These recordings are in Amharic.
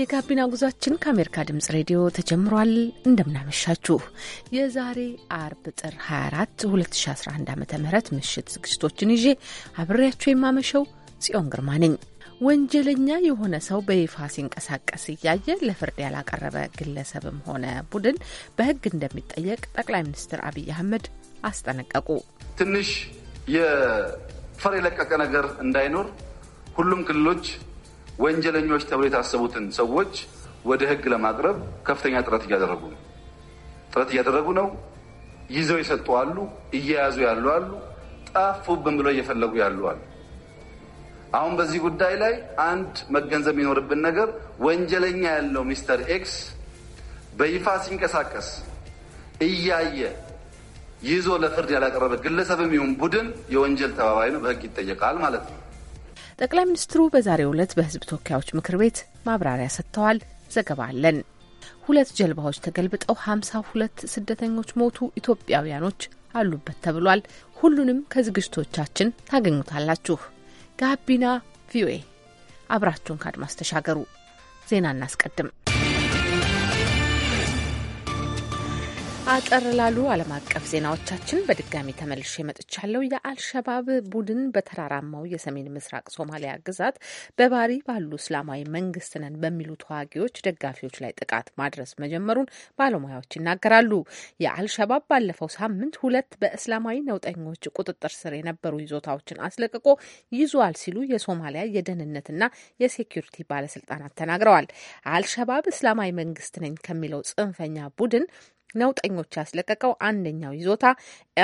የጋቢና ጉዟችን ከአሜሪካ ድምጽ ሬዲዮ ተጀምሯል። እንደምናመሻችሁ የዛሬ አርብ ጥር 24 2011 ዓ ም ምሽት ዝግጅቶችን ይዤ አብሬያችሁ የማመሸው ጽዮን ግርማ ነኝ። ወንጀለኛ የሆነ ሰው በይፋ ሲንቀሳቀስ እያየ ለፍርድ ያላቀረበ ግለሰብም ሆነ ቡድን በሕግ እንደሚጠየቅ ጠቅላይ ሚኒስትር አብይ አህመድ አስጠነቀቁ። ትንሽ የፈር የለቀቀ ነገር እንዳይኖር ሁሉም ክልሎች ወንጀለኞች ተብሎ የታሰቡትን ሰዎች ወደ ህግ ለማቅረብ ከፍተኛ ጥረት እያደረጉ ነው ጥረት እያደረጉ ነው። ይዘው የሰጡ አሉ፣ እየያዙ ያሉ አሉ፣ ጠፉብን ብለው እየፈለጉ ያሉ አሉ። አሁን በዚህ ጉዳይ ላይ አንድ መገንዘብ የሚኖርብን ነገር ወንጀለኛ ያለው ሚስተር ኤክስ በይፋ ሲንቀሳቀስ እያየ ይዞ ለፍርድ ያላቀረበ ግለሰብም ይሁን ቡድን የወንጀል ተባባሪ ነው፣ በህግ ይጠየቃል ማለት ነው። ጠቅላይ ሚኒስትሩ በዛሬው ዕለት በህዝብ ተወካዮች ምክር ቤት ማብራሪያ ሰጥተዋል። ዘገባ አለን። ሁለት ጀልባዎች ተገልብጠው ሀምሳ ሁለት ስደተኞች ሞቱ። ኢትዮጵያውያኖች አሉበት ተብሏል። ሁሉንም ከዝግጅቶቻችን ታገኙታላችሁ። ጋቢና ቪኦኤ አብራችሁን ከአድማስ ተሻገሩ። ዜና እናስቀድም። አጠር ላሉ ዓለም አቀፍ ዜናዎቻችን በድጋሚ ተመልሼ መጥቻለሁ። የአልሸባብ ቡድን በተራራማው የሰሜን ምስራቅ ሶማሊያ ግዛት በባሪ ባሉ እስላማዊ መንግስት ነን በሚሉ ተዋጊዎች ደጋፊዎች ላይ ጥቃት ማድረስ መጀመሩን ባለሙያዎች ይናገራሉ። የአልሸባብ ባለፈው ሳምንት ሁለት በእስላማዊ ነውጠኞች ቁጥጥር ስር የነበሩ ይዞታዎችን አስለቅቆ ይዟል ሲሉ የሶማሊያ የደህንነትና የሴኩሪቲ ባለስልጣናት ተናግረዋል። አልሸባብ እስላማዊ መንግስት ነኝ ከሚለው ጽንፈኛ ቡድን ነውጠኞች ያስለቀቀው አንደኛው ይዞታ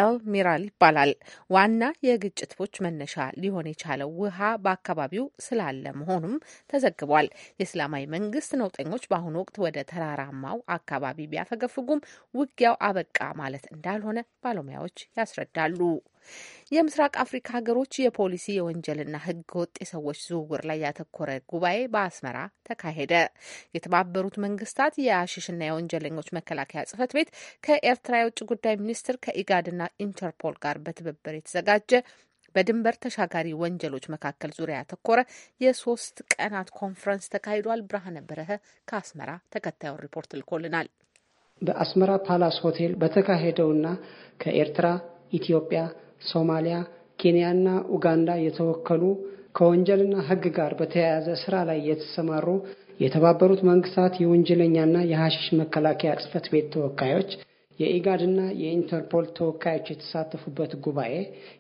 ኤል ሚራል ይባላል። ዋና የግጭቶች መነሻ ሊሆን የቻለው ውሃ በአካባቢው ስላለ መሆኑም ተዘግቧል። የእስላማዊ መንግስት ነውጠኞች በአሁኑ ወቅት ወደ ተራራማው አካባቢ ቢያፈገፍጉም ውጊያው አበቃ ማለት እንዳልሆነ ባለሙያዎች ያስረዳሉ። የምስራቅ አፍሪካ ሀገሮች የፖሊሲ የወንጀልና ሕገ ወጥ የሰዎች ዝውውር ላይ ያተኮረ ጉባኤ በአስመራ ተካሄደ። የተባበሩት መንግስታት የአሽሽና የወንጀለኞች መከላከያ ጽህፈት ቤት ከኤርትራ የውጭ ጉዳይ ሚኒስትር ከኢጋድና ኢንተርፖል ጋር በትብብር የተዘጋጀ በድንበር ተሻጋሪ ወንጀሎች መካከል ዙሪያ ያተኮረ የሶስት ቀናት ኮንፈረንስ ተካሂዷል። ብርሃነ በረሀ ከአስመራ ተከታዩን ሪፖርት ልኮልናል። በአስመራ ፓላስ ሆቴል በተካሄደውና ከኤርትራ ኢትዮጵያ ሶማሊያ፣ ኬንያና ኡጋንዳ የተወከሉ ከወንጀልና ሕግ ጋር በተያያዘ ስራ ላይ የተሰማሩ የተባበሩት መንግስታት የወንጀለኛና የሐሽሽ መከላከያ ጽህፈት ቤት ተወካዮች የኢጋድና የኢንተርፖል ተወካዮች የተሳተፉበት ጉባኤ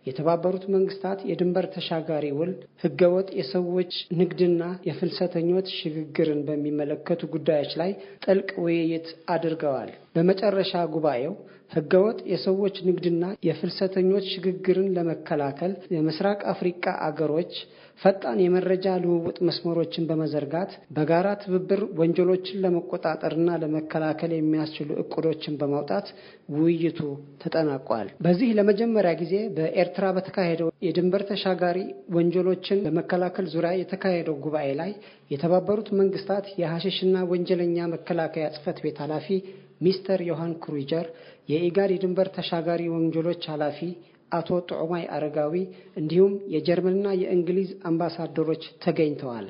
የተባበሩት መንግስታት የድንበር ተሻጋሪ ውል ህገወጥ የሰዎች ንግድና የፍልሰተኞች ሽግግርን በሚመለከቱ ጉዳዮች ላይ ጥልቅ ውይይት አድርገዋል። በመጨረሻ ጉባኤው ህገወጥ የሰዎች ንግድና የፍልሰተኞች ሽግግርን ለመከላከል የምስራቅ አፍሪካ አገሮች ፈጣን የመረጃ ልውውጥ መስመሮችን በመዘርጋት በጋራ ትብብር ወንጀሎችን ለመቆጣጠርና ለመከላከል የሚያስችሉ እቅዶችን በማውጣት ውይይቱ ተጠናቋል። በዚህ ለመጀመሪያ ጊዜ በኤርትራ በተካሄደው የድንበር ተሻጋሪ ወንጀሎችን በመከላከል ዙሪያ የተካሄደው ጉባኤ ላይ የተባበሩት መንግስታት የሐሸሽና ወንጀለኛ መከላከያ ጽህፈት ቤት ኃላፊ ሚስተር ዮሐን ክሩጀር፣ የኢጋድ የድንበር ተሻጋሪ ወንጀሎች ኃላፊ አቶ ጥዑማይ አረጋዊ እንዲሁም የጀርመንና የእንግሊዝ አምባሳደሮች ተገኝተዋል።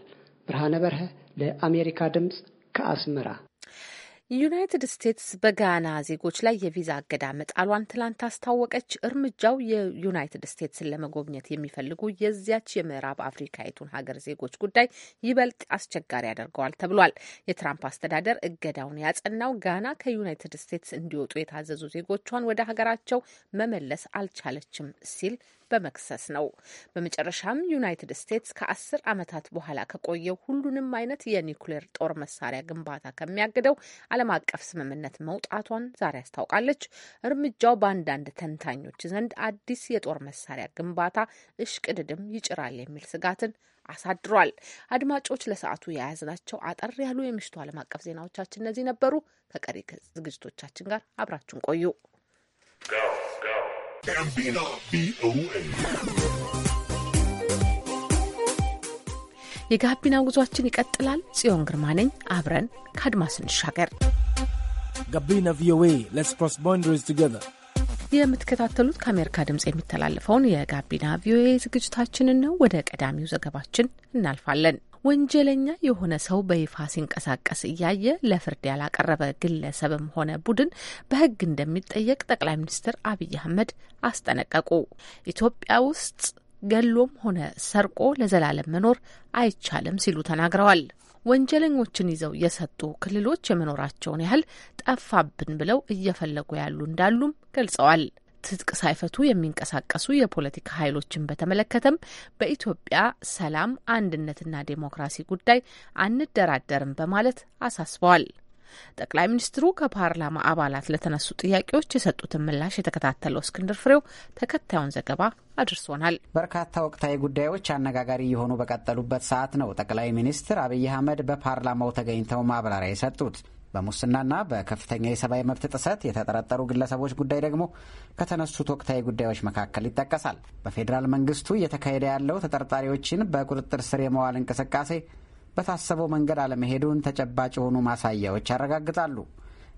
ብርሃነ በርሀ ለአሜሪካ ድምፅ ከአስመራ ዩናይትድ ስቴትስ በጋና ዜጎች ላይ የቪዛ እገዳ መጣሏን ትላንት አስታወቀች። እርምጃው የዩናይትድ ስቴትስን ለመጎብኘት የሚፈልጉ የዚያች የምዕራብ አፍሪካዊቱን ሀገር ዜጎች ጉዳይ ይበልጥ አስቸጋሪ ያደርገዋል ተብሏል። የትራምፕ አስተዳደር እገዳውን ያጸናው ጋና ከዩናይትድ ስቴትስ እንዲወጡ የታዘዙ ዜጎቿን ወደ ሀገራቸው መመለስ አልቻለችም ሲል በመክሰስ ነው። በመጨረሻም ዩናይትድ ስቴትስ ከአስር ዓመታት በኋላ ከቆየው ሁሉንም አይነት የኒውክሌር ጦር መሳሪያ ግንባታ ከሚያግደው ዓለም አቀፍ ስምምነት መውጣቷን ዛሬ አስታውቃለች። እርምጃው በአንዳንድ ተንታኞች ዘንድ አዲስ የጦር መሳሪያ ግንባታ እሽቅድድም ይጭራል የሚል ስጋትን አሳድሯል። አድማጮች፣ ለሰዓቱ የያዝናቸው አጠር ያሉ የምሽቱ ዓለም አቀፍ ዜናዎቻችን እነዚህ ነበሩ። ከቀሪ ዝግጅቶቻችን ጋር አብራችሁን ቆዩ። የጋቢና ጉዟችን ይቀጥላል። ጽዮን ግርማ ነኝ። አብረን ከአድማስ እንሻገር። ጋቢና ቪኦኤ ሌትስ ክሮስ ቦንደሪስ ቱጌዘር የምትከታተሉት ከአሜሪካ ድምፅ የሚተላለፈውን የጋቢና ቪኦኤ ዝግጅታችንን ነው። ወደ ቀዳሚው ዘገባችን እናልፋለን። ወንጀለኛ የሆነ ሰው በይፋ ሲንቀሳቀስ እያየ ለፍርድ ያላቀረበ ግለሰብም ሆነ ቡድን በሕግ እንደሚጠየቅ ጠቅላይ ሚኒስትር አብይ አህመድ አስጠነቀቁ። ኢትዮጵያ ውስጥ ገሎም ሆነ ሰርቆ ለዘላለም መኖር አይቻልም ሲሉ ተናግረዋል። ወንጀለኞችን ይዘው የሰጡ ክልሎች የመኖራቸውን ያህል ጠፋብን ብለው እየፈለጉ ያሉ እንዳሉም ገልጸዋል። ትጥቅ ሳይፈቱ የሚንቀሳቀሱ የፖለቲካ ኃይሎችን በተመለከተም በኢትዮጵያ ሰላም፣ አንድነትና ዴሞክራሲ ጉዳይ አንደራደርም በማለት አሳስበዋል። ጠቅላይ ሚኒስትሩ ከፓርላማ አባላት ለተነሱ ጥያቄዎች የሰጡትን ምላሽ የተከታተለው እስክንድር ፍሬው ተከታዩን ዘገባ አድርሶናል። በርካታ ወቅታዊ ጉዳዮች አነጋጋሪ የሆኑ በቀጠሉበት ሰዓት ነው ጠቅላይ ሚኒስትር አብይ አህመድ በፓርላማው ተገኝተው ማብራሪያ የሰጡት። በሙስናና በከፍተኛ የሰብአዊ መብት ጥሰት የተጠረጠሩ ግለሰቦች ጉዳይ ደግሞ ከተነሱት ወቅታዊ ጉዳዮች መካከል ይጠቀሳል። በፌዴራል መንግስቱ እየተካሄደ ያለው ተጠርጣሪዎችን በቁጥጥር ስር የመዋል እንቅስቃሴ በታሰበው መንገድ አለመሄዱን ተጨባጭ የሆኑ ማሳያዎች ያረጋግጣሉ።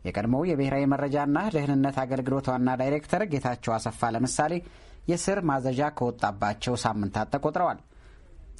የቀድሞው የብሔራዊ መረጃና ደህንነት አገልግሎት ዋና ዳይሬክተር ጌታቸው አሰፋ ለምሳሌ የስር ማዘዣ ከወጣባቸው ሳምንታት ተቆጥረዋል።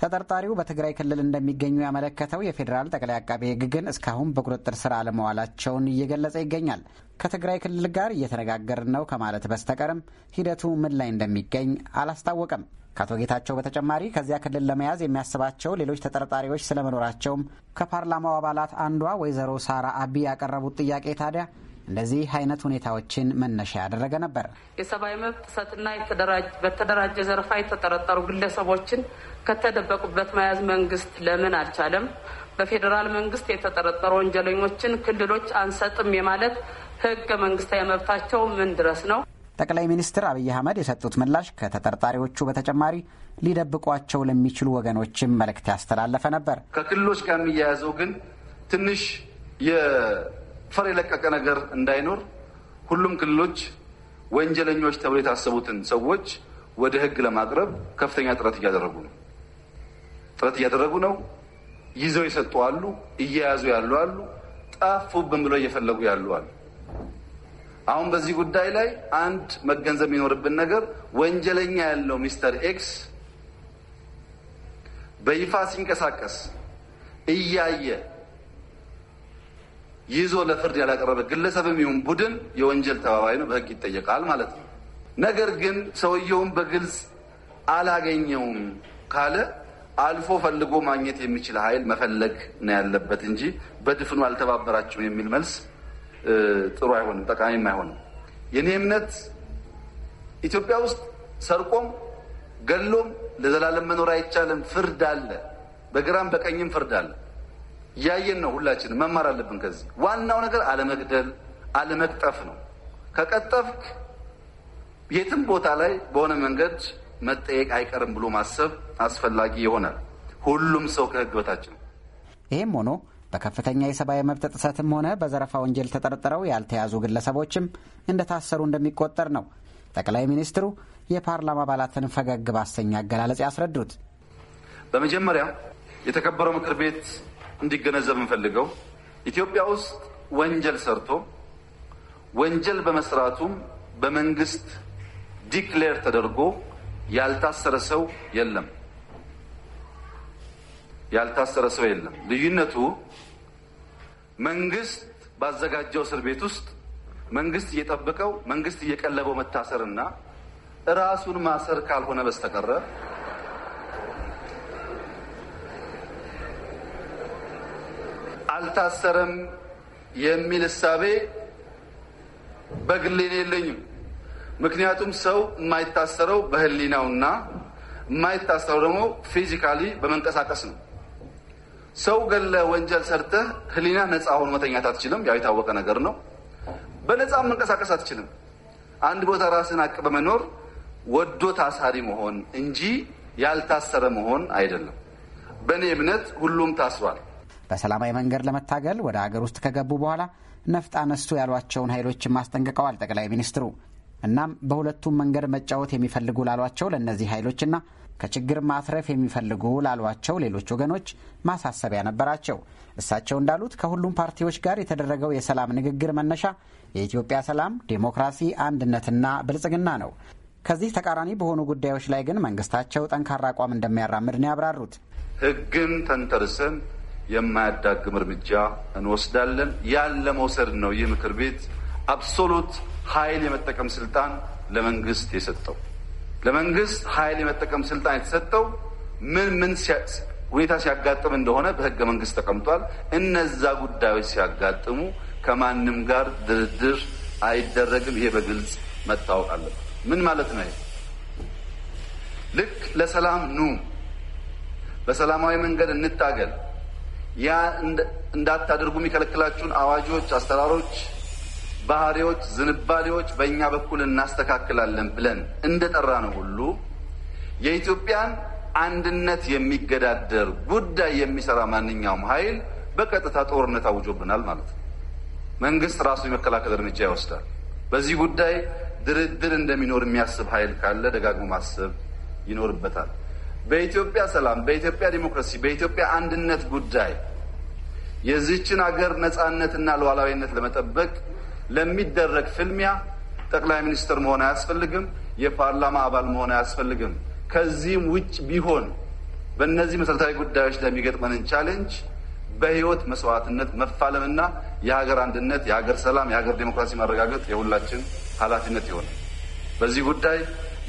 ተጠርጣሪው በትግራይ ክልል እንደሚገኙ ያመለከተው የፌዴራል ጠቅላይ አቃቤ ሕግ ግን እስካሁን በቁጥጥር ስር አለመዋላቸውን እየገለጸ ይገኛል። ከትግራይ ክልል ጋር እየተነጋገርን ነው ከማለት በስተቀርም ሂደቱ ምን ላይ እንደሚገኝ አላስታወቀም። ከአቶ ጌታቸው በተጨማሪ ከዚያ ክልል ለመያዝ የሚያስባቸው ሌሎች ተጠርጣሪዎች ስለመኖራቸውም ከፓርላማው አባላት አንዷ ወይዘሮ ሳራ አቢ ያቀረቡት ጥያቄ ታዲያ እንደዚህ አይነት ሁኔታዎችን መነሻ ያደረገ ነበር። የሰብአዊ መብት ጥሰትና በተደራጀ ዘረፋ የተጠረጠሩ ግለሰቦችን ከተደበቁበት መያዝ መንግስት ለምን አልቻለም? በፌዴራል መንግስት የተጠረጠሩ ወንጀለኞችን ክልሎች አንሰጥም የማለት ህገ መንግስታዊ መብታቸው ምን ድረስ ነው? ጠቅላይ ሚኒስትር አብይ አህመድ የሰጡት ምላሽ ከተጠርጣሪዎቹ በተጨማሪ ሊደብቋቸው ለሚችሉ ወገኖችም መልእክት ያስተላለፈ ነበር። ከክልሎች ጋር የሚያያዘው ግን ትንሽ ፈር የለቀቀ ነገር እንዳይኖር ሁሉም ክልሎች ወንጀለኞች ተብሎ የታሰቡትን ሰዎች ወደ ህግ ለማቅረብ ከፍተኛ ጥረት እያደረጉ ነው ጥረት እያደረጉ ነው። ይዘው የሰጡ አሉ፣ እየያዙ ያሉ አሉ፣ ጠፉብን ብለው እየፈለጉ ያሉ አሉ። አሁን በዚህ ጉዳይ ላይ አንድ መገንዘብ የሚኖርብን ነገር ወንጀለኛ ያለው ሚስተር ኤክስ በይፋ ሲንቀሳቀስ እያየ ይዞ ለፍርድ ያላቀረበ ግለሰብም ይሁን ቡድን የወንጀል ተባባሪ ነው፣ በህግ ይጠየቃል ማለት ነው። ነገር ግን ሰውየውን በግልጽ አላገኘውም ካለ አልፎ ፈልጎ ማግኘት የሚችል ኃይል መፈለግ ነው ያለበት እንጂ በድፍኑ አልተባበራችሁም የሚል መልስ ጥሩ አይሆንም፣ ጠቃሚም አይሆንም። የኔ እምነት ኢትዮጵያ ውስጥ ሰርቆም ገሎም ለዘላለም መኖር አይቻልም። ፍርድ አለ፣ በግራም በቀኝም ፍርድ አለ። እያየን ነው። ሁላችንም መማር አለብን ከዚህ። ዋናው ነገር አለመግደል፣ አለመቅጠፍ ነው። ከቀጠፍክ የትም ቦታ ላይ በሆነ መንገድ መጠየቅ አይቀርም ብሎ ማሰብ አስፈላጊ ይሆናል። ሁሉም ሰው ከህግ በታች ነው። ይህም ሆኖ በከፍተኛ የሰብአዊ መብት ጥሰትም ሆነ በዘረፋ ወንጀል ተጠርጥረው ያልተያዙ ግለሰቦችም እንደታሰሩ እንደሚቆጠር ነው ጠቅላይ ሚኒስትሩ የፓርላማ አባላትን ፈገግ ባሰኝ አገላለጽ ያስረዱት። በመጀመሪያ የተከበረው ምክር ቤት እንዲገነዘብ እንፈልገው ኢትዮጵያ ውስጥ ወንጀል ሰርቶ ወንጀል በመስራቱም በመንግስት ዲክሌር ተደርጎ ያልታሰረ ሰው የለም። ያልታሰረ ሰው የለም። ልዩነቱ መንግስት ባዘጋጀው እስር ቤት ውስጥ መንግስት እየጠበቀው መንግስት እየቀለበው መታሰርና ራሱን ማሰር ካልሆነ በስተቀረ አልታሰረም የሚል እሳቤ በግሌ የለኝም። ምክንያቱም ሰው የማይታሰረው በህሊናውና የማይታሰረው ደግሞ ፊዚካሊ በመንቀሳቀስ ነው። ሰው ገለ ወንጀል ሰርተህ ህሊና ነፃ አሁን መተኛት አትችልም። ያው የታወቀ ነገር ነው። በነፃ መንቀሳቀስ አትችልም። አንድ ቦታ ራስን አቅ በመኖር ወዶ ታሳሪ መሆን እንጂ ያልታሰረ መሆን አይደለም። በእኔ እምነት ሁሉም ታስሯል። በሰላማዊ መንገድ ለመታገል ወደ ሀገር ውስጥ ከገቡ በኋላ ነፍጥ አነሱ ያሏቸውን ኃይሎችም አስጠንቅቀዋል ጠቅላይ ሚኒስትሩ። እናም በሁለቱም መንገድ መጫወት የሚፈልጉ ላሏቸው ለእነዚህ ኃይሎችና ከችግር ማትረፍ የሚፈልጉ ላሏቸው ሌሎች ወገኖች ማሳሰቢያ ነበራቸው። እሳቸው እንዳሉት ከሁሉም ፓርቲዎች ጋር የተደረገው የሰላም ንግግር መነሻ የኢትዮጵያ ሰላም፣ ዴሞክራሲ፣ አንድነትና ብልጽግና ነው። ከዚህ ተቃራኒ በሆኑ ጉዳዮች ላይ ግን መንግስታቸው ጠንካራ አቋም እንደሚያራምድ ነው ያብራሩት። ሕግን ተንተርሰን የማያዳግም እርምጃ እንወስዳለን። ያን ለመውሰድ ነው ይህ ምክር ቤት አብሶሉት ኃይል የመጠቀም ስልጣን ለመንግስት የሰጠው። ለመንግስት ኃይል የመጠቀም ስልጣን የተሰጠው ምን ምን ሁኔታ ሲያጋጥም እንደሆነ በህገ መንግስት ተቀምጧል። እነዛ ጉዳዮች ሲያጋጥሙ ከማንም ጋር ድርድር አይደረግም። ይሄ በግልጽ መታወቅ አለበት። ምን ማለት ነው? ልክ ለሰላም ኑ፣ በሰላማዊ መንገድ እንታገል ያ እንዳታደርጉ የሚከለክላችሁን አዋጆች፣ አሰራሮች፣ ባህሪዎች፣ ዝንባሌዎች በእኛ በኩል እናስተካክላለን ብለን እንደጠራ ነው ሁሉ የኢትዮጵያን አንድነት የሚገዳደር ጉዳይ የሚሰራ ማንኛውም ኃይል በቀጥታ ጦርነት አውጆብናል ማለት ነው። መንግስት ራሱ የመከላከል እርምጃ ይወስዳል። በዚህ ጉዳይ ድርድር እንደሚኖር የሚያስብ ኃይል ካለ ደጋግሞ ማሰብ ይኖርበታል። በኢትዮጵያ ሰላም፣ በኢትዮጵያ ዲሞክራሲ፣ በኢትዮጵያ አንድነት ጉዳይ የዚህችን አገር ነጻነትና ሉዓላዊነት ለመጠበቅ ለሚደረግ ፍልሚያ ጠቅላይ ሚኒስትር መሆን አያስፈልግም። የፓርላማ አባል መሆን አያስፈልግም። ከዚህም ውጭ ቢሆን በእነዚህ መሰረታዊ ጉዳዮች ለሚገጥመንን ቻሌንጅ በህይወት መስዋዕትነት መፋለምና የሀገር አንድነት፣ የሀገር ሰላም፣ የሀገር ዴሞክራሲ ማረጋገጥ የሁላችን ኃላፊነት ይሆናል። በዚህ ጉዳይ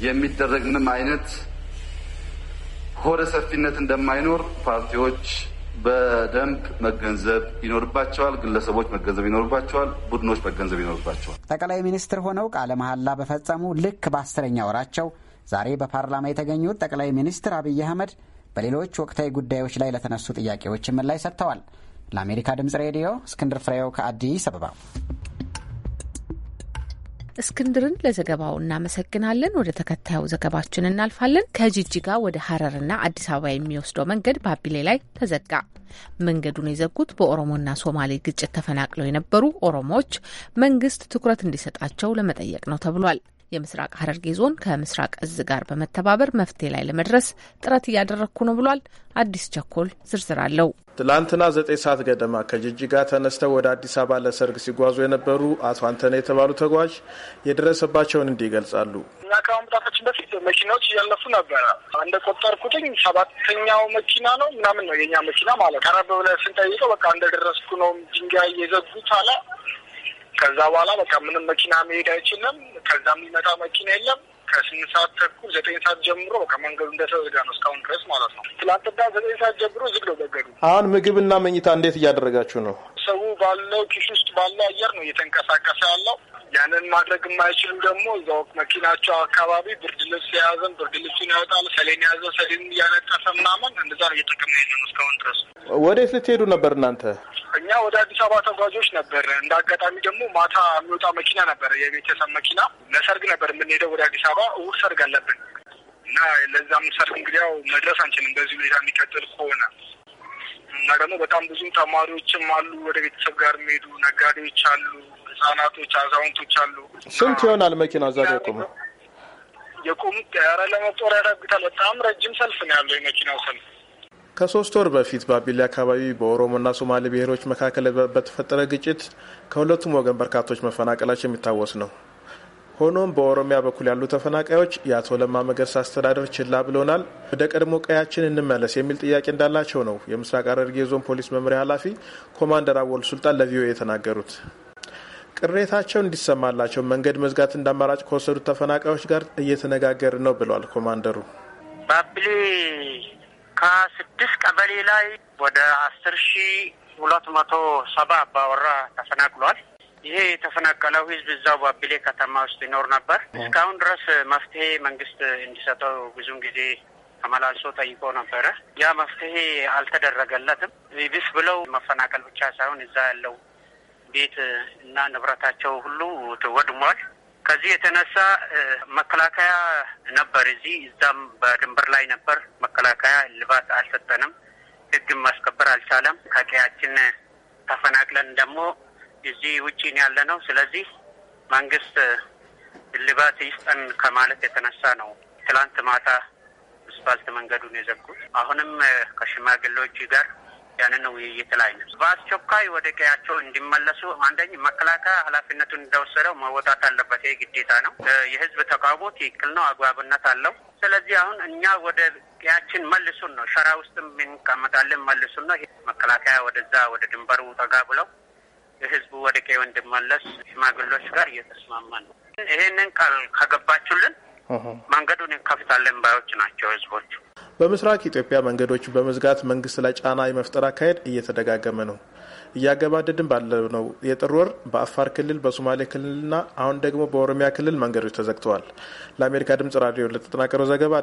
የሚደረግ ምንም አይነት ሆደ ሰፊነት እንደማይኖር ፓርቲዎች በደንብ መገንዘብ ይኖርባቸዋል። ግለሰቦች መገንዘብ ይኖርባቸዋል። ቡድኖች መገንዘብ ይኖርባቸዋል። ጠቅላይ ሚኒስትር ሆነው ቃለ መሐላ በፈጸሙ ልክ በአስረኛ ወራቸው ዛሬ በፓርላማ የተገኙት ጠቅላይ ሚኒስትር አብይ አህመድ በሌሎች ወቅታዊ ጉዳዮች ላይ ለተነሱ ጥያቄዎች ምላሽ ሰጥተዋል። ለአሜሪካ ድምጽ ሬዲዮ እስክንድር ፍሬው ከአዲስ አበባ እስክንድርን ለዘገባው እናመሰግናለን። ወደ ተከታዩ ዘገባችን እናልፋለን። ከጅጅጋ ወደ ሀረርና አዲስ አበባ የሚወስደው መንገድ ባቢሌ ላይ ተዘጋ። መንገዱን የዘጉት በኦሮሞና ሶማሌ ግጭት ተፈናቅለው የነበሩ ኦሮሞዎች መንግስት ትኩረት እንዲሰጣቸው ለመጠየቅ ነው ተብሏል። የምስራቅ ሀረርጌ ዞን ከምስራቅ እዝ ጋር በመተባበር መፍትሄ ላይ ለመድረስ ጥረት እያደረግኩ ነው ብሏል። አዲስ ቸኮል ዝርዝር አለው። ትላንትና ዘጠኝ ሰዓት ገደማ ከጅጅጋ ተነስተው ወደ አዲስ አበባ ለሰርግ ሲጓዙ የነበሩ አቶ አንተነ የተባሉ ተጓዥ የደረሰባቸውን እንዲህ ይገልጻሉ። እኛ ከመምጣታችን በፊት መኪናዎች እያለፉ ነበረ። እንደ ቆጠርኩትኝ ሰባተኛው መኪና ነው ምናምን ነው የኛ መኪና ማለት። ቀረብ ስንጠይቀው በቃ እንደደረስኩ ነው ድንጋይ የዘጉት አለ ከዛ በኋላ በቃ ምንም መኪና መሄድ አይችልም። ከዛ የሚመጣ መኪና የለም። ከስምንት ሰዓት ተኩል ዘጠኝ ሰዓት ጀምሮ በቃ መንገዱ እንደተዘጋ ነው እስካሁን ድረስ ማለት ነው። ትላንትና ዘጠኝ ሰዓት ጀምሮ ዝግ ነው መንገዱ። አሁን እና መኝታ እንዴት እያደረጋችሁ ነው? ሰው ባለው ኪሽ ውስጥ ባለው አየር ነው እየተንቀሳቀሰ ያለው። ያንን ማድረግ የማይችልም ደግሞ እዛው መኪናቸው አካባቢ ብርድ ልብስ የያዘን ብርድ ልብሱን ያወጣል፣ ሰሌን የያዘ ሰሌን እያነጠፈ ምናምን እንደዛ ነው እየጠቀምን ያለን እስካሁን ድረስ። ወዴት ልትሄዱ ነበር እናንተ? እኛ ወደ አዲስ አበባ ተጓዦች ነበር። እንደ አጋጣሚ ደግሞ ማታ የሚወጣ መኪና ነበር፣ የቤተሰብ መኪና። ለሰርግ ነበር የምንሄደው ወደ አዲስ አበባ። እሑድ ሰርግ አለብን እና ለዛም ሰርግ ያው መድረስ አንችልም በዚህ ሁኔታ የሚቀጥል ከሆነ እና ደግሞ በጣም ብዙ ተማሪዎችም አሉ፣ ወደ ቤተሰብ ጋር የሚሄዱ ነጋዴዎች አሉ ህጻናቶች፣ አዛውንቶች አሉ። ስንት ይሆናል መኪና እዛ ላይ የቆመው? የቆሙ ኧረ ለመጦር ያዳግታል። በጣም ረጅም ሰልፍ ነው ያለው የመኪናው ሰልፍ። ከሶስት ወር በፊት በአቢሊ አካባቢ በኦሮሞና ሶማሌ ብሔሮች መካከል በተፈጠረ ግጭት ከሁለቱም ወገን በርካቶች መፈናቀላቸው የሚታወስ ነው። ሆኖም በኦሮሚያ በኩል ያሉ ተፈናቃዮች የአቶ ለማ መገርሳ አስተዳደር ችላ ብሎናል፣ ወደ ቀድሞ ቀያችን እንመለስ የሚል ጥያቄ እንዳላቸው ነው የምስራቅ ሐረርጌ ዞን ፖሊስ መምሪያ ኃላፊ ኮማንደር አወል ሱልጣን ለቪኦኤ የተናገሩት። ቅሬታቸው እንዲሰማላቸው መንገድ መዝጋት እንዳማራጭ ከወሰዱት ተፈናቃዮች ጋር እየተነጋገር ነው ብሏል ኮማንደሩ። ባብሌ ከስድስት ቀበሌ ላይ ወደ አስር ሺ ሁለት መቶ ሰባ አባወራ ተፈናቅሏል። ይሄ የተፈናቀለው ህዝብ እዛው ባቢሌ ከተማ ውስጥ ይኖር ነበር። እስካሁን ድረስ መፍትሄ መንግስት እንዲሰጠው ብዙም ጊዜ ተመላልሶ ጠይቆ ነበረ። ያ መፍትሄ አልተደረገለትም። ቢስ ብለው መፈናቀል ብቻ ሳይሆን እዛ ያለው ቤት እና ንብረታቸው ሁሉ ወድሟል። ከዚህ የተነሳ መከላከያ ነበር እዚህ እዛም በድንበር ላይ ነበር። መከላከያ ልባት አልሰጠንም፣ ህግም ማስከበር አልቻለም። ከቀያችን ተፈናቅለን ደግሞ እዚህ ውጪን ያለ ነው። ስለዚህ መንግስት ልባት ይስጠን ከማለት የተነሳ ነው ትላንት ማታ አስፋልት መንገዱን የዘጉት። አሁንም ከሽማግሌዎች ጋር ያንን ውይይት ላይ ነው። በአስቸኳይ ወደ ቀያቸው እንዲመለሱ አንደኝ መከላከያ ኃላፊነቱን እንደወሰደው መወጣት አለበት። ይህ ግዴታ ነው። የህዝብ ተቃውሞ ትክክል ነው፣ አግባብነት አለው። ስለዚህ አሁን እኛ ወደ ቀያችን መልሱን ነው፣ ሸራ ውስጥም እንቀመጣለን፣ መልሱን ነው። መከላከያ ወደዛ ወደ ድንበሩ ጠጋ ብለው የህዝቡ ወደ ቀዩ እንዲመለስ ሽማግሎች ጋር እየተስማማ ነው። ይሄንን ቃል ከገባችሁልን መንገዱን እንከፍታለን ባዮች ናቸው ህዝቦቹ። በምስራቅ ኢትዮጵያ መንገዶች በመዝጋት መንግስት ላይ ጫና የመፍጠር አካሄድ እየተደጋገመ ነው። እያገባደድን ነው። የጥር ወር በአፋር ክልል፣ በሶማሌ ክልልና አሁን ደግሞ በኦሮሚያ ክልል መንገዶች ተዘግተዋል። ለአሜሪካ ድምጽ ራዲዮ ለተጠናቀረው ዘገባ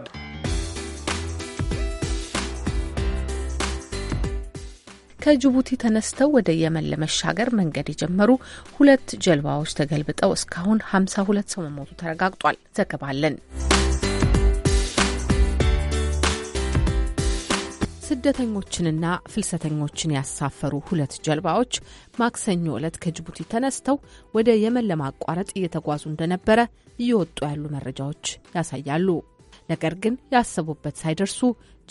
ከጅቡቲ ተነስተው ወደ የመን ለመሻገር መንገድ የጀመሩ ሁለት ጀልባዎች ተገልብጠው እስካሁን 52 ሰው መሞቱ ተረጋግጧል። ዘገባ አለን። ስደተኞችንና ፍልሰተኞችን ያሳፈሩ ሁለት ጀልባዎች ማክሰኞ ዕለት ከጅቡቲ ተነስተው ወደ የመን ለማቋረጥ እየተጓዙ እንደነበረ እየወጡ ያሉ መረጃዎች ያሳያሉ። ነገር ግን ያሰቡበት ሳይደርሱ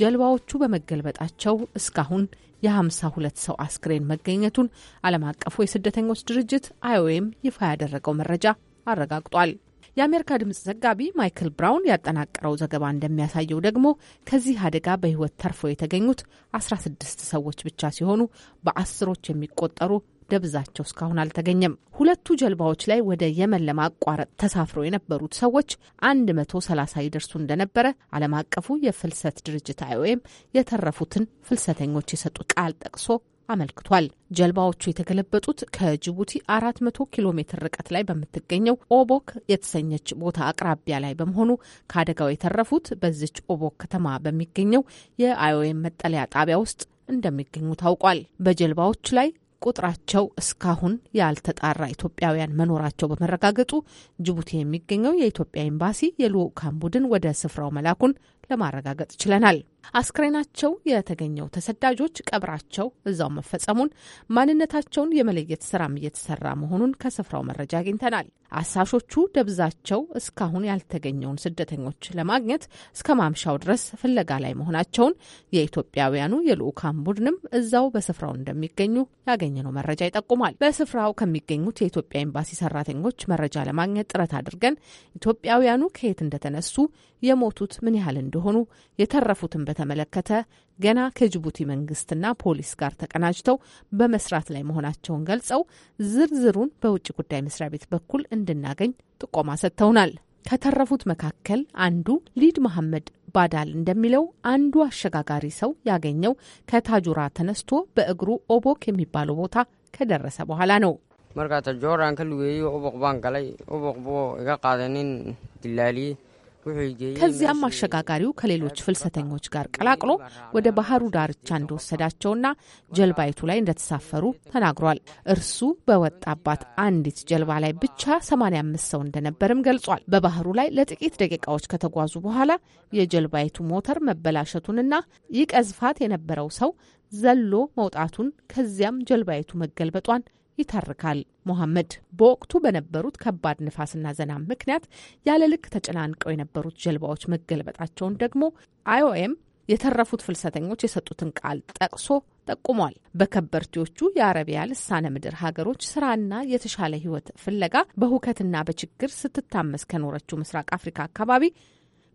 ጀልባዎቹ በመገልበጣቸው እስካሁን የ52 ሰው አስክሬን መገኘቱን ዓለም አቀፉ የስደተኞች ድርጅት አይኦኤም ይፋ ያደረገው መረጃ አረጋግጧል። የአሜሪካ ድምጽ ዘጋቢ ማይክል ብራውን ያጠናቀረው ዘገባ እንደሚያሳየው ደግሞ ከዚህ አደጋ በህይወት ተርፈው የተገኙት 16 ሰዎች ብቻ ሲሆኑ በአስሮች የሚቆጠሩ ደብዛቸው እስካሁን አልተገኘም። ሁለቱ ጀልባዎች ላይ ወደ የመን ለማቋረጥ ተሳፍረው የነበሩት ሰዎች 130 ይደርሱ እንደነበረ ዓለም አቀፉ የፍልሰት ድርጅት አይኦኤም የተረፉትን ፍልሰተኞች የሰጡት ቃል ጠቅሶ አመልክቷል። ጀልባዎቹ የተገለበጡት ከጅቡቲ 400 ኪሎ ሜትር ርቀት ላይ በምትገኘው ኦቦክ የተሰኘች ቦታ አቅራቢያ ላይ በመሆኑ ከአደጋው የተረፉት በዚች ኦቦክ ከተማ በሚገኘው የአይኦኤም መጠለያ ጣቢያ ውስጥ እንደሚገኙ ታውቋል። በጀልባዎች ላይ ቁጥራቸው እስካሁን ያልተጣራ ኢትዮጵያውያን መኖራቸው በመረጋገጡ ጅቡቲ የሚገኘው የኢትዮጵያ ኤምባሲ የልዑካን ቡድን ወደ ስፍራው መላኩን ለማረጋገጥ ችለናል። አስክሬናቸው የተገኘው ተሰዳጆች ቀብራቸው እዛው መፈጸሙን ማንነታቸውን የመለየት ስራም እየተሰራ መሆኑን ከስፍራው መረጃ አግኝተናል። አሳሾቹ ደብዛቸው እስካሁን ያልተገኘውን ስደተኞች ለማግኘት እስከ ማምሻው ድረስ ፍለጋ ላይ መሆናቸውን የኢትዮጵያውያኑ የልዑካን ቡድንም እዛው በስፍራው እንደሚገኙ ያገኘነው መረጃ ይጠቁማል። በስፍራው ከሚገኙት የኢትዮጵያ ኤምባሲ ሰራተኞች መረጃ ለማግኘት ጥረት አድርገን ኢትዮጵያውያኑ ከየት እንደተነሱ፣ የሞቱት ምን ያህል እንደሆኑ፣ የተረፉትን በተመለከተ ገና ከጅቡቲ መንግስትና ፖሊስ ጋር ተቀናጅተው በመስራት ላይ መሆናቸውን ገልጸው ዝርዝሩን በውጭ ጉዳይ መስሪያ ቤት በኩል እንድናገኝ ጥቆማ ሰጥተውናል። ከተረፉት መካከል አንዱ ሊድ መሐመድ ባዳል እንደሚለው አንዱ አሸጋጋሪ ሰው ያገኘው ከታጁራ ተነስቶ በእግሩ ኦቦክ የሚባለው ቦታ ከደረሰ በኋላ ነው። መርጋተ ጆራን ከልዌዩ ኦቦቅ ባንቀላይ ኦቦክ ቦ እጋ ድላሊ ከዚያም አሸጋጋሪው ከሌሎች ፍልሰተኞች ጋር ቀላቅሎ ወደ ባህሩ ዳርቻ እንደወሰዳቸውና ጀልባይቱ ላይ እንደተሳፈሩ ተናግሯል። እርሱ በወጣባት አንዲት ጀልባ ላይ ብቻ 85 ሰው እንደነበርም ገልጿል። በባህሩ ላይ ለጥቂት ደቂቃዎች ከተጓዙ በኋላ የጀልባይቱ ሞተር መበላሸቱንና ይቀዝፋት የነበረው ሰው ዘሎ መውጣቱን ከዚያም ጀልባይቱ መገልበጧን ይተርካል። ሞሐመድ በወቅቱ በነበሩት ከባድ ንፋስና ዘናም ምክንያት ያለ ልክ ተጨናንቀው የነበሩት ጀልባዎች መገልበጣቸውን ደግሞ አይኦኤም የተረፉት ፍልሰተኞች የሰጡትን ቃል ጠቅሶ ጠቁሟል። በከበርቲዎቹ የአረቢያ ልሳነ ምድር ሀገሮች ስራና የተሻለ ህይወት ፍለጋ በሁከትና በችግር ስትታመስ ከኖረችው ምስራቅ አፍሪካ አካባቢ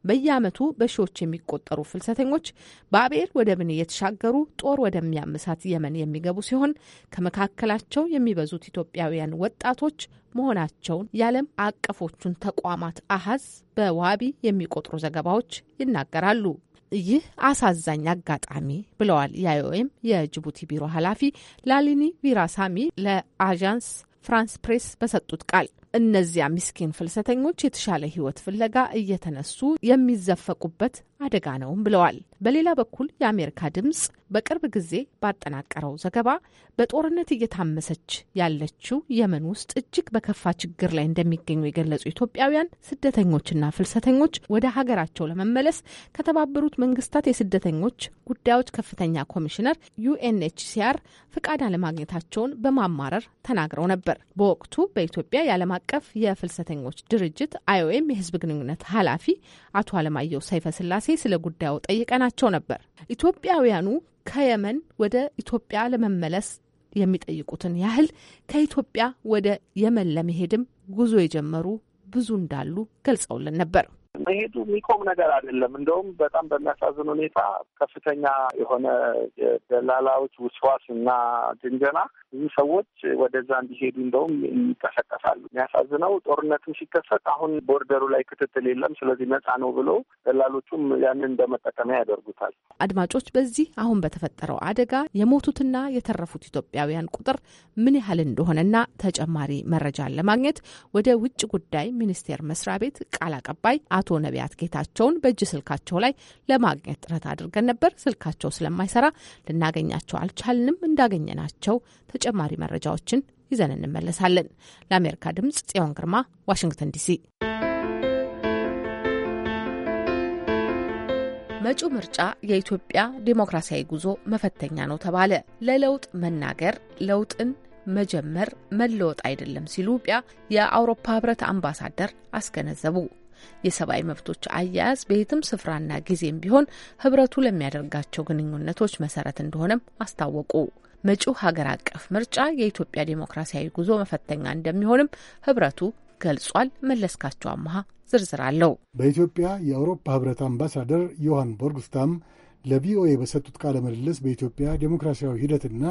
በየዓመቱ በሺዎች የሚቆጠሩ ፍልሰተኞች በአብኤል ወደብን እየተሻገሩ ጦር ወደሚያምሳት የመን የሚገቡ ሲሆን ከመካከላቸው የሚበዙት ኢትዮጵያውያን ወጣቶች መሆናቸውን የዓለም አቀፎቹን ተቋማት አሀዝ በዋቢ የሚቆጥሩ ዘገባዎች ይናገራሉ። ይህ አሳዛኝ አጋጣሚ ብለዋል የአይኦኤም የጅቡቲ ቢሮ ኃላፊ ላሊኒ ቪራሳሚ ለአዣንስ ፍራንስ ፕሬስ በሰጡት ቃል እነዚያ ምስኪን ፍልሰተኞች የተሻለ ህይወት ፍለጋ እየተነሱ የሚዘፈቁበት አደጋ ነውም ብለዋል። በሌላ በኩል የአሜሪካ ድምፅ በቅርብ ጊዜ ባጠናቀረው ዘገባ በጦርነት እየታመሰች ያለችው የመን ውስጥ እጅግ በከፋ ችግር ላይ እንደሚገኙ የገለጹ ኢትዮጵያውያን ስደተኞችና ፍልሰተኞች ወደ ሀገራቸው ለመመለስ ከተባበሩት መንግስታት የስደተኞች ጉዳዮች ከፍተኛ ኮሚሽነር ዩኤንኤችሲአር ፍቃድ አለማግኘታቸውን በማማረር ተናግረው ነበር። በወቅቱ በኢትዮጵያ የዓለም አቀፍ የፍልሰተኞች ድርጅት አይኦኤም የህዝብ ግንኙነት ኃላፊ አቶ አለማየሁ ሰይፈ ስላሴ ስለ ጉዳዩ ጠይቀናቸው ነበር። ኢትዮጵያውያኑ ከየመን ወደ ኢትዮጵያ ለመመለስ የሚጠይቁትን ያህል ከኢትዮጵያ ወደ የመን ለመሄድም ጉዞ የጀመሩ ብዙ እንዳሉ ገልጸውልን ነበር። መሄዱ የሚቆም ነገር አይደለም። እንደውም በጣም በሚያሳዝን ሁኔታ ከፍተኛ የሆነ ደላላዎች ውስዋስ እና ድንገና ብዙ ሰዎች ወደዛ እንዲሄዱ እንደውም ይቀሰቀሳሉ። የሚያሳዝነው ጦርነትም ሲከሰት አሁን ቦርደሩ ላይ ክትትል የለም። ስለዚህ ነጻ ነው ብሎ ደላሎቹም ያንን እንደመጠቀሚያ ያደርጉታል። አድማጮች፣ በዚህ አሁን በተፈጠረው አደጋ የሞቱትና የተረፉት ኢትዮጵያውያን ቁጥር ምን ያህል እንደሆነና ተጨማሪ መረጃን ለማግኘት ወደ ውጭ ጉዳይ ሚኒስቴር መስሪያ ቤት ቃል አቀባይ አቶ አቶ ነቢያት ጌታቸውን በእጅ ስልካቸው ላይ ለማግኘት ጥረት አድርገን ነበር። ስልካቸው ስለማይሰራ ልናገኛቸው አልቻልንም። እንዳገኘናቸው ተጨማሪ መረጃዎችን ይዘን እንመለሳለን። ለአሜሪካ ድምጽ ጽዮን ግርማ፣ ዋሽንግተን ዲሲ። መጪው ምርጫ የኢትዮጵያ ዴሞክራሲያዊ ጉዞ መፈተኛ ነው ተባለ። ለለውጥ መናገር ለውጥን መጀመር መለወጥ አይደለም ሲሉ ኢትዮጵያ የአውሮፓ ሕብረት አምባሳደር አስገነዘቡ። የሰብአዊ መብቶች አያያዝ በየትም ስፍራና ጊዜም ቢሆን ህብረቱ ለሚያደርጋቸው ግንኙነቶች መሰረት እንደሆነም አስታወቁ። መጪው ሀገር አቀፍ ምርጫ የኢትዮጵያ ዴሞክራሲያዊ ጉዞ መፈተኛ እንደሚሆንም ህብረቱ ገልጿል። መለስካቸው አመሃ ዝርዝር አለው። በኢትዮጵያ የአውሮፓ ህብረት አምባሳደር ዮሐን ቦርግስታም ለቪኦኤ በሰጡት ቃለ ምልልስ በኢትዮጵያ ዴሞክራሲያዊ ሂደትና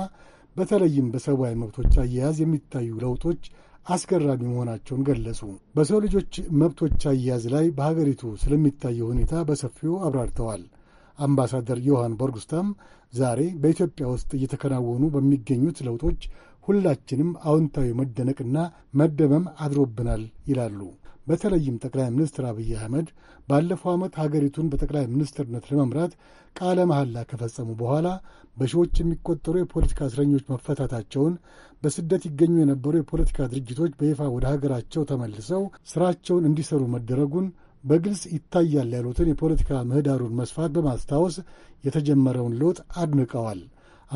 በተለይም በሰብአዊ መብቶች አያያዝ የሚታዩ ለውጦች አስገራሚ መሆናቸውን ገለጹ። በሰው ልጆች መብቶች አያያዝ ላይ በሀገሪቱ ስለሚታየው ሁኔታ በሰፊው አብራርተዋል። አምባሳደር ዮሐን ቦርግስታም ዛሬ በኢትዮጵያ ውስጥ እየተከናወኑ በሚገኙት ለውጦች ሁላችንም አዎንታዊ መደነቅና መደመም አድሮብናል ይላሉ። በተለይም ጠቅላይ ሚኒስትር አብይ አህመድ ባለፈው ዓመት ሀገሪቱን በጠቅላይ ሚኒስትርነት ለመምራት ቃለ መሐላ ከፈጸሙ በኋላ በሺዎች የሚቆጠሩ የፖለቲካ እስረኞች መፈታታቸውን፣ በስደት ይገኙ የነበሩ የፖለቲካ ድርጅቶች በይፋ ወደ ሀገራቸው ተመልሰው ስራቸውን እንዲሰሩ መደረጉን በግልጽ ይታያል ያሉትን የፖለቲካ ምህዳሩን መስፋት በማስታወስ የተጀመረውን ለውጥ አድንቀዋል።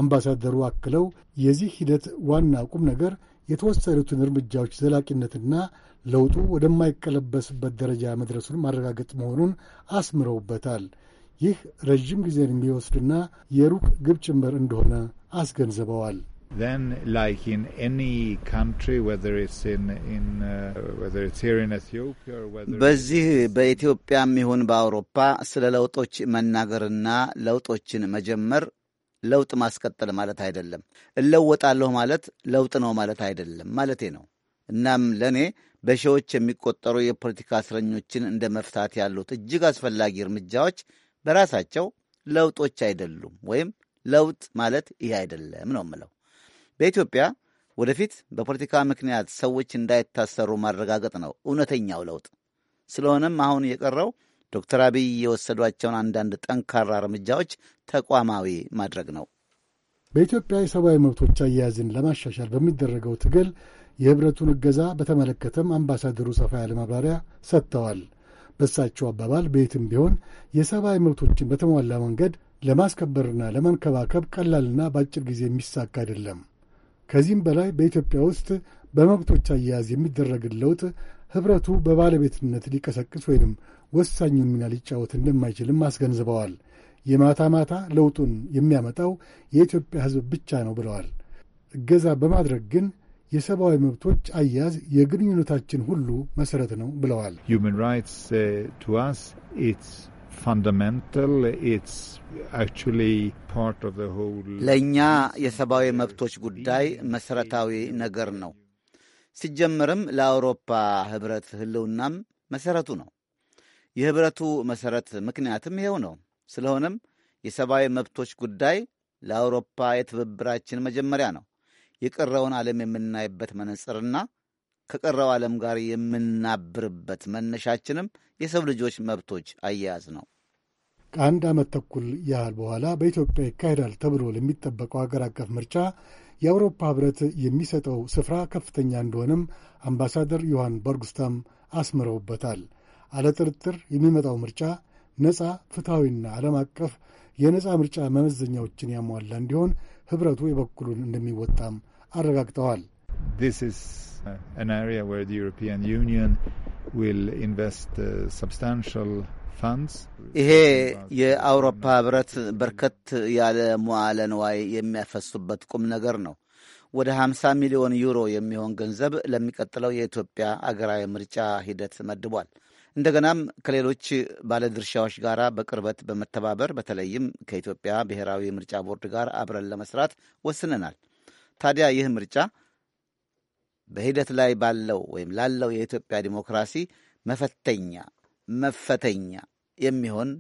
አምባሳደሩ አክለው የዚህ ሂደት ዋና ቁም ነገር የተወሰዱትን እርምጃዎች ዘላቂነትና ለውጡ ወደማይቀለበስበት ደረጃ መድረሱን ማረጋገጥ መሆኑን አስምረውበታል። ይህ ረዥም ጊዜን የሚወስድና የሩቅ ግብ ጭምር እንደሆነ አስገንዝበዋል። uh, በዚህ በኢትዮጵያም ይሁን በአውሮፓ ስለ ለውጦች መናገርና ለውጦችን መጀመር ለውጥ ማስቀጠል ማለት አይደለም። እለወጣለሁ ማለት ለውጥ ነው ማለት አይደለም ማለቴ ነው። እናም ለእኔ በሺዎች የሚቆጠሩ የፖለቲካ እስረኞችን እንደ መፍታት ያሉት እጅግ አስፈላጊ እርምጃዎች በራሳቸው ለውጦች አይደሉም፣ ወይም ለውጥ ማለት ይህ አይደለም ነው የምለው። በኢትዮጵያ ወደፊት በፖለቲካ ምክንያት ሰዎች እንዳይታሰሩ ማረጋገጥ ነው እውነተኛው ለውጥ። ስለሆነም አሁን የቀረው ዶክተር አብይ የወሰዷቸውን አንዳንድ ጠንካራ እርምጃዎች ተቋማዊ ማድረግ ነው። በኢትዮጵያ የሰብአዊ መብቶች አያያዝን ለማሻሻል በሚደረገው ትግል የህብረቱን እገዛ በተመለከተም አምባሳደሩ ሰፋ ያለ ማብራሪያ ሰጥተዋል። በሳቸው አባባል በየትም ቢሆን የሰብአዊ መብቶችን በተሟላ መንገድ ለማስከበርና ለመንከባከብ ቀላልና በአጭር ጊዜ የሚሳካ አይደለም። ከዚህም በላይ በኢትዮጵያ ውስጥ በመብቶች አያያዝ የሚደረግን ለውጥ ኅብረቱ በባለቤትነት ሊቀሰቅስ ወይንም ወሳኙን ሚና ሊጫወት እንደማይችልም አስገንዝበዋል። የማታ ማታ ለውጡን የሚያመጣው የኢትዮጵያ ሕዝብ ብቻ ነው ብለዋል። እገዛ በማድረግ ግን የሰብአዊ መብቶች አያያዝ የግንኙነታችን ሁሉ መሰረት ነው ብለዋል። uh, ለእኛ የሰብአዊ መብቶች ጉዳይ መሰረታዊ ነገር ነው። ሲጀመርም ለአውሮፓ ህብረት ህልውናም መሰረቱ ነው። የህብረቱ መሰረት ምክንያትም ይኸው ነው። ስለሆነም የሰብአዊ መብቶች ጉዳይ ለአውሮፓ የትብብራችን መጀመሪያ ነው። የቀረውን ዓለም የምናይበት መነጽርና ከቀረው ዓለም ጋር የምናብርበት መነሻችንም የሰው ልጆች መብቶች አያያዝ ነው። ከአንድ ዓመት ተኩል ያህል በኋላ በኢትዮጵያ ይካሄዳል ተብሎ ለሚጠበቀው አገር አቀፍ ምርጫ የአውሮፓ ሕብረት የሚሰጠው ስፍራ ከፍተኛ እንደሆነም አምባሳደር ዮሐን በርጉስታም አስምረውበታል። አለጥርጥር የሚመጣው ምርጫ ነፃ ፍትሐዊና ዓለም አቀፍ የነፃ ምርጫ መመዘኛዎችን ያሟላ እንዲሆን ኅብረቱ የበኩሉን እንደሚወጣም አረጋግጠዋል። ይሄ የአውሮፓ ህብረት በርከት ያለ መዋለ ንዋይ የሚያፈሱበት ቁም ነገር ነው። ወደ 50 ሚሊዮን ዩሮ የሚሆን ገንዘብ ለሚቀጥለው የኢትዮጵያ አገራዊ ምርጫ ሂደት መድቧል። እንደገናም ከሌሎች ባለድርሻዎች ጋር በቅርበት በመተባበር በተለይም ከኢትዮጵያ ብሔራዊ ምርጫ ቦርድ ጋር አብረን ለመስራት ወስነናል። ታዲያ ይህ ምርጫ በሂደት ላይ ባለው ወይም ላለው የኢትዮጵያ ዲሞክራሲ መፈተኛ መፈተኛ የሚሆን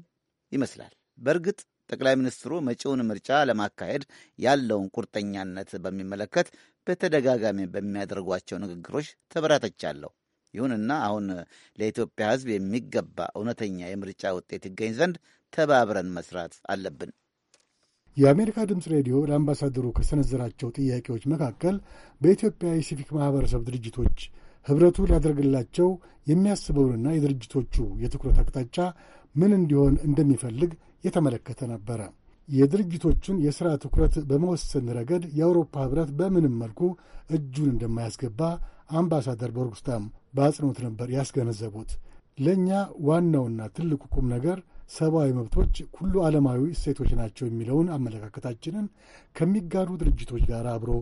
ይመስላል። በእርግጥ ጠቅላይ ሚኒስትሩ መጪውን ምርጫ ለማካሄድ ያለውን ቁርጠኛነት በሚመለከት በተደጋጋሚ በሚያደርጓቸው ንግግሮች ተበራተቻለሁ። ይሁንና አሁን ለኢትዮጵያ ሕዝብ የሚገባ እውነተኛ የምርጫ ውጤት ይገኝ ዘንድ ተባብረን መስራት አለብን። የአሜሪካ ድምፅ ሬዲዮ ለአምባሳደሩ ከሰነዘራቸው ጥያቄዎች መካከል በኢትዮጵያ የሲቪክ ማህበረሰብ ድርጅቶች ኅብረቱ ሊያደርግላቸው የሚያስበውንና የድርጅቶቹ የትኩረት አቅጣጫ ምን እንዲሆን እንደሚፈልግ የተመለከተ ነበረ። የድርጅቶቹን የሥራ ትኩረት በመወሰን ረገድ የአውሮፓ ኅብረት በምንም መልኩ እጁን እንደማያስገባ አምባሳደር ቦርግስታም በአጽንኦት ነበር ያስገነዘቡት። ለእኛ ዋናውና ትልቁ ቁም ነገር ሰብአዊ መብቶች ሁሉ ዓለማዊ እሴቶች ናቸው የሚለውን አመለካከታችንን ከሚጋሩ ድርጅቶች ጋር አብሮ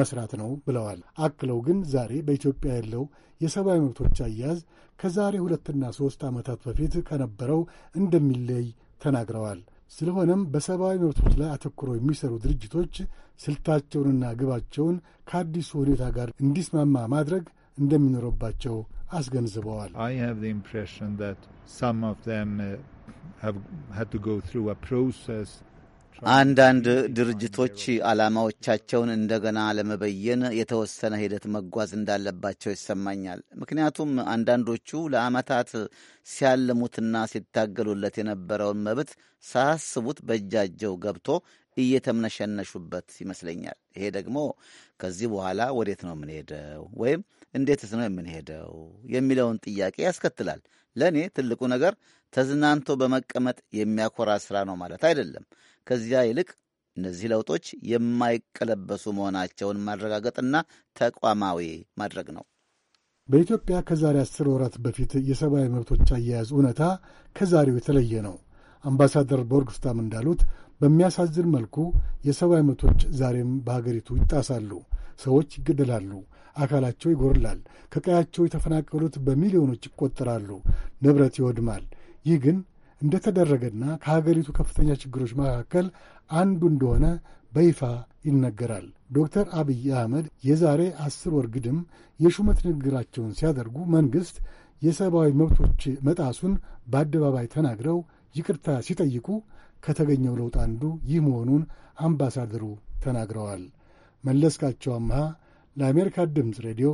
መስራት ነው ብለዋል። አክለው ግን ዛሬ በኢትዮጵያ ያለው የሰብአዊ መብቶች አያያዝ ከዛሬ ሁለትና ሦስት ዓመታት በፊት ከነበረው እንደሚለይ ተናግረዋል። ስለሆነም በሰብአዊ መብቶች ላይ አተኩረው የሚሰሩ ድርጅቶች ስልታቸውንና ግባቸውን ከአዲሱ ሁኔታ ጋር እንዲስማማ ማድረግ እንደሚኖርባቸው አስገንዝበዋል። አንዳንድ ድርጅቶች ዓላማዎቻቸውን እንደገና ለመበየን የተወሰነ ሂደት መጓዝ እንዳለባቸው ይሰማኛል። ምክንያቱም አንዳንዶቹ ለዓመታት ሲያልሙትና ሲታገሉለት የነበረውን መብት ሳያስቡት በእጃቸው ገብቶ እየተምነሸነሹበት ይመስለኛል። ይሄ ደግሞ ከዚህ በኋላ ወዴት ነው የምንሄደው ወይም እንዴትስ ነው የምንሄደው የሚለውን ጥያቄ ያስከትላል። ለእኔ ትልቁ ነገር ተዝናንቶ በመቀመጥ የሚያኮራ ስራ ነው ማለት አይደለም። ከዚያ ይልቅ እነዚህ ለውጦች የማይቀለበሱ መሆናቸውን ማረጋገጥና ተቋማዊ ማድረግ ነው። በኢትዮጵያ ከዛሬ አስር ወራት በፊት የሰብአዊ መብቶች አያያዝ እውነታ ከዛሬው የተለየ ነው። አምባሳደር ቦርግስታም እንዳሉት በሚያሳዝን መልኩ የሰብአዊ መብቶች ዛሬም በሀገሪቱ ይጣሳሉ። ሰዎች ይገደላሉ፣ አካላቸው ይጎርላል፣ ከቀያቸው የተፈናቀሉት በሚሊዮኖች ይቆጠራሉ፣ ንብረት ይወድማል። ይህ ግን እንደተደረገና ከሀገሪቱ ከፍተኛ ችግሮች መካከል አንዱ እንደሆነ በይፋ ይነገራል። ዶክተር አብይ አህመድ የዛሬ አስር ወር ግድም የሹመት ንግግራቸውን ሲያደርጉ መንግሥት የሰብአዊ መብቶች መጣሱን በአደባባይ ተናግረው ይቅርታ ሲጠይቁ ከተገኘው ለውጥ አንዱ ይህ መሆኑን አምባሳደሩ ተናግረዋል። መለስካቸው አምሃ ለአሜሪካ ድምፅ ሬዲዮ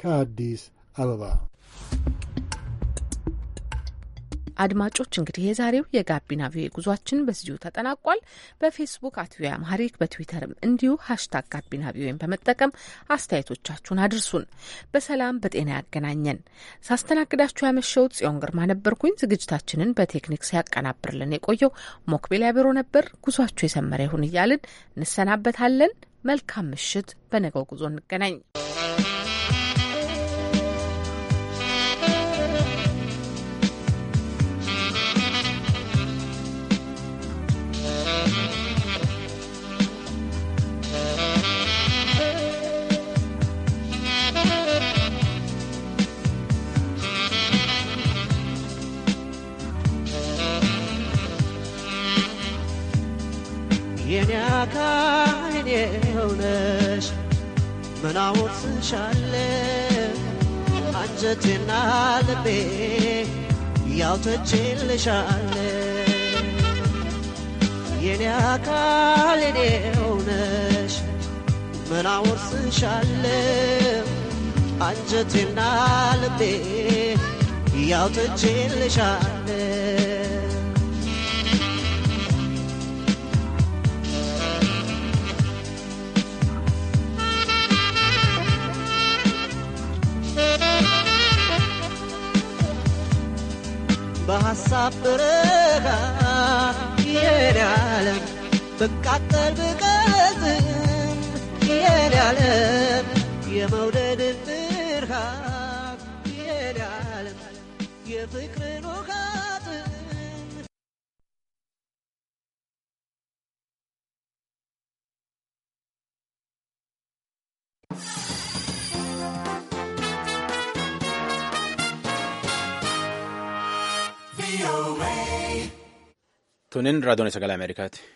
ከአዲስ አበባ አድማጮች እንግዲህ የዛሬው የጋቢና ቪኦኤ ጉዟችን በዚሁ ተጠናቋል። በፌስቡክ አት ቪኦኤ አማሪክ በትዊተርም እንዲሁ ሀሽታግ ጋቢና ቪኦኤን በመጠቀም አስተያየቶቻችሁን አድርሱን። በሰላም በጤና ያገናኘን። ሳስተናግዳችሁ ያመሸውት ጽዮን ግርማ ነበርኩኝ። ዝግጅታችንን በቴክኒክ ሲያቀናብርልን የቆየው ሞክቤል ያቢሮ ነበር። ጉዟችሁ የሰመረ ይሁን እያልን እንሰናበታለን። መልካም ምሽት። በነገው ጉዞ እንገናኝ። ከዓይኔ ሆነሽ ምናወርስሻለ አንጀቴና ልቤ ያውተችልሻለ የኔ አካል የኔ ሆነሽ ምናወርስሻለ አንጀቴና ልቤ ያውተችልሻለ በሐሳብ በረካ የኔ ዓለም ብቃጠል ብቀዝም የኔ ዓለም የመውደድ ብርሃን የኔ ዓለም የፍቅርን ውሃ Tunin raadiyoon sagalee Ameerikaati.